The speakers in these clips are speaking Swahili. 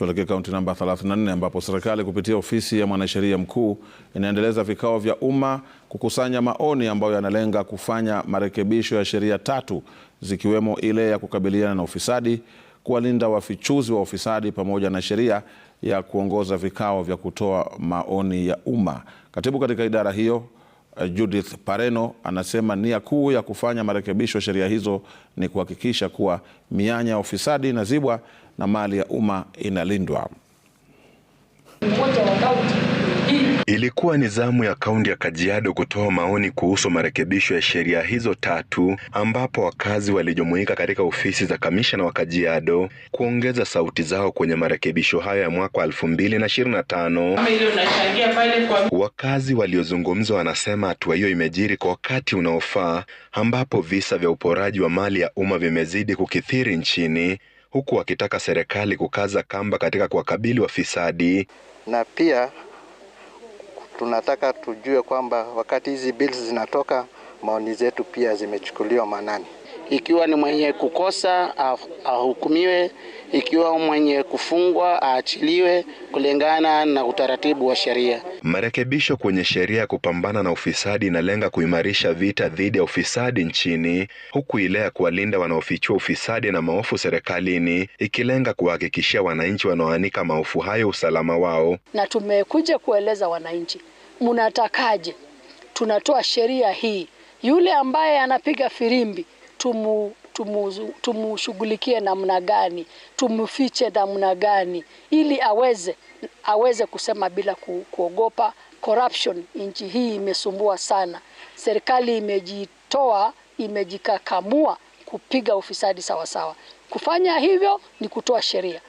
Tuelekee kaunti namba 34 ambapo serikali kupitia ofisi ya mwanasheria mkuu inaendeleza vikao vya umma kukusanya maoni ambayo yanalenga kufanya marekebisho ya sheria tatu zikiwemo ile ya kukabiliana na ufisadi, kuwalinda wafichuzi wa ufisadi pamoja na sheria ya kuongoza vikao vya kutoa maoni ya umma. Katibu katika idara hiyo Eh, Judith Pareno anasema nia kuu ya kufanya marekebisho sheria hizo ni kuhakikisha kuwa mianya ya ufisadi inazibwa na mali ya umma inalindwa. Ilikuwa ni zamu ya kaunti ya Kajiado kutoa maoni kuhusu marekebisho ya sheria hizo tatu ambapo wakazi walijumuika katika ofisi za kamishna wa Kajiado kuongeza sauti zao kwenye marekebisho hayo ya mwaka 2025. Wakazi waliozungumza wanasema hatua hiyo imejiri kwa wakati unaofaa ambapo visa vya uporaji wa mali ya umma vimezidi kukithiri nchini huku wakitaka serikali kukaza kamba katika kuwakabili wafisadi na pia tunataka tujue kwamba wakati hizi bills zinatoka, maoni zetu pia zimechukuliwa maanani. Ikiwa ni mwenye kukosa ah, ahukumiwe, ikiwa mwenye kufungwa aachiliwe kulingana na utaratibu wa sheria. Marekebisho kwenye sheria ya kupambana na ufisadi inalenga kuimarisha vita dhidi ya ufisadi nchini, huku ile ya kuwalinda wanaofichua ufisadi na maofu serikalini ikilenga kuwahakikishia wananchi wanaoanika maofu hayo usalama wao. Na tumekuja kueleza wananchi, mnatakaje? Tunatoa sheria hii, yule ambaye anapiga firimbi tumu tumushughulikie tumu namna gani, tumfiche namna gani, ili aweze aweze kusema bila ku, kuogopa. Corruption nchi hii imesumbua sana, serikali imejitoa, imejikakamua kupiga ufisadi sawasawa. Kufanya hivyo ni kutoa sheria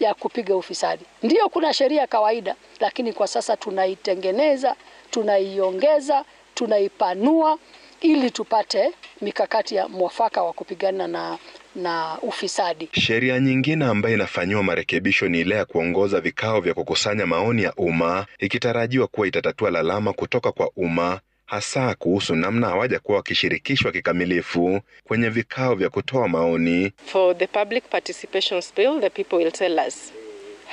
ya kupiga ufisadi. Ndiyo, kuna sheria kawaida, lakini kwa sasa tunaitengeneza, tunaiongeza, tunaipanua ili tupate mikakati ya mwafaka wa kupigana na na ufisadi. Sheria nyingine ambayo inafanyiwa marekebisho ni ile ya kuongoza vikao vya kukusanya maoni ya umma, ikitarajiwa kuwa itatatua lalama kutoka kwa umma, hasa kuhusu namna hawajakuwa wakishirikishwa kikamilifu kwenye vikao vya kutoa maoni. For the public participation bill, the people will tell us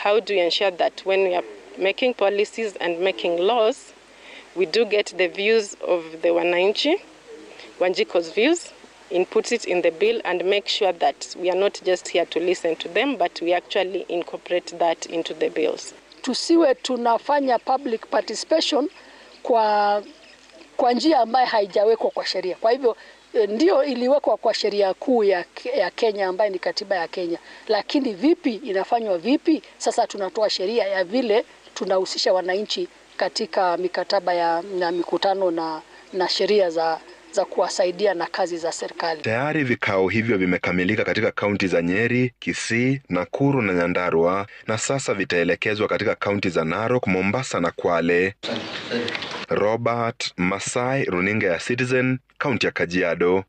how do you ensure that when we are making policies and making laws, we do get the views of the wananchi. Wanjiko's views input it in the bill and make sure that we are not just here to listen to them but we actually incorporate that into the bills. Tusiwe tunafanya public participation kwa, kwa njia ambayo haijawekwa kwa sheria. Kwa hivyo eh, ndio iliwekwa kwa sheria kuu ya, ya Kenya ambayo ni katiba ya Kenya, lakini vipi inafanywa vipi? Sasa tunatoa sheria ya vile tunahusisha wananchi katika mikataba ya, na mikutano na, na sheria za za kuwasaidia na kazi za serikali. Tayari vikao hivyo vimekamilika katika kaunti za Nyeri, Kisii, Nakuru na Nyandarua na sasa vitaelekezwa katika kaunti za Narok, Mombasa na Kwale. Robert Masai, runinga ya Citizen, kaunti ya Kajiado.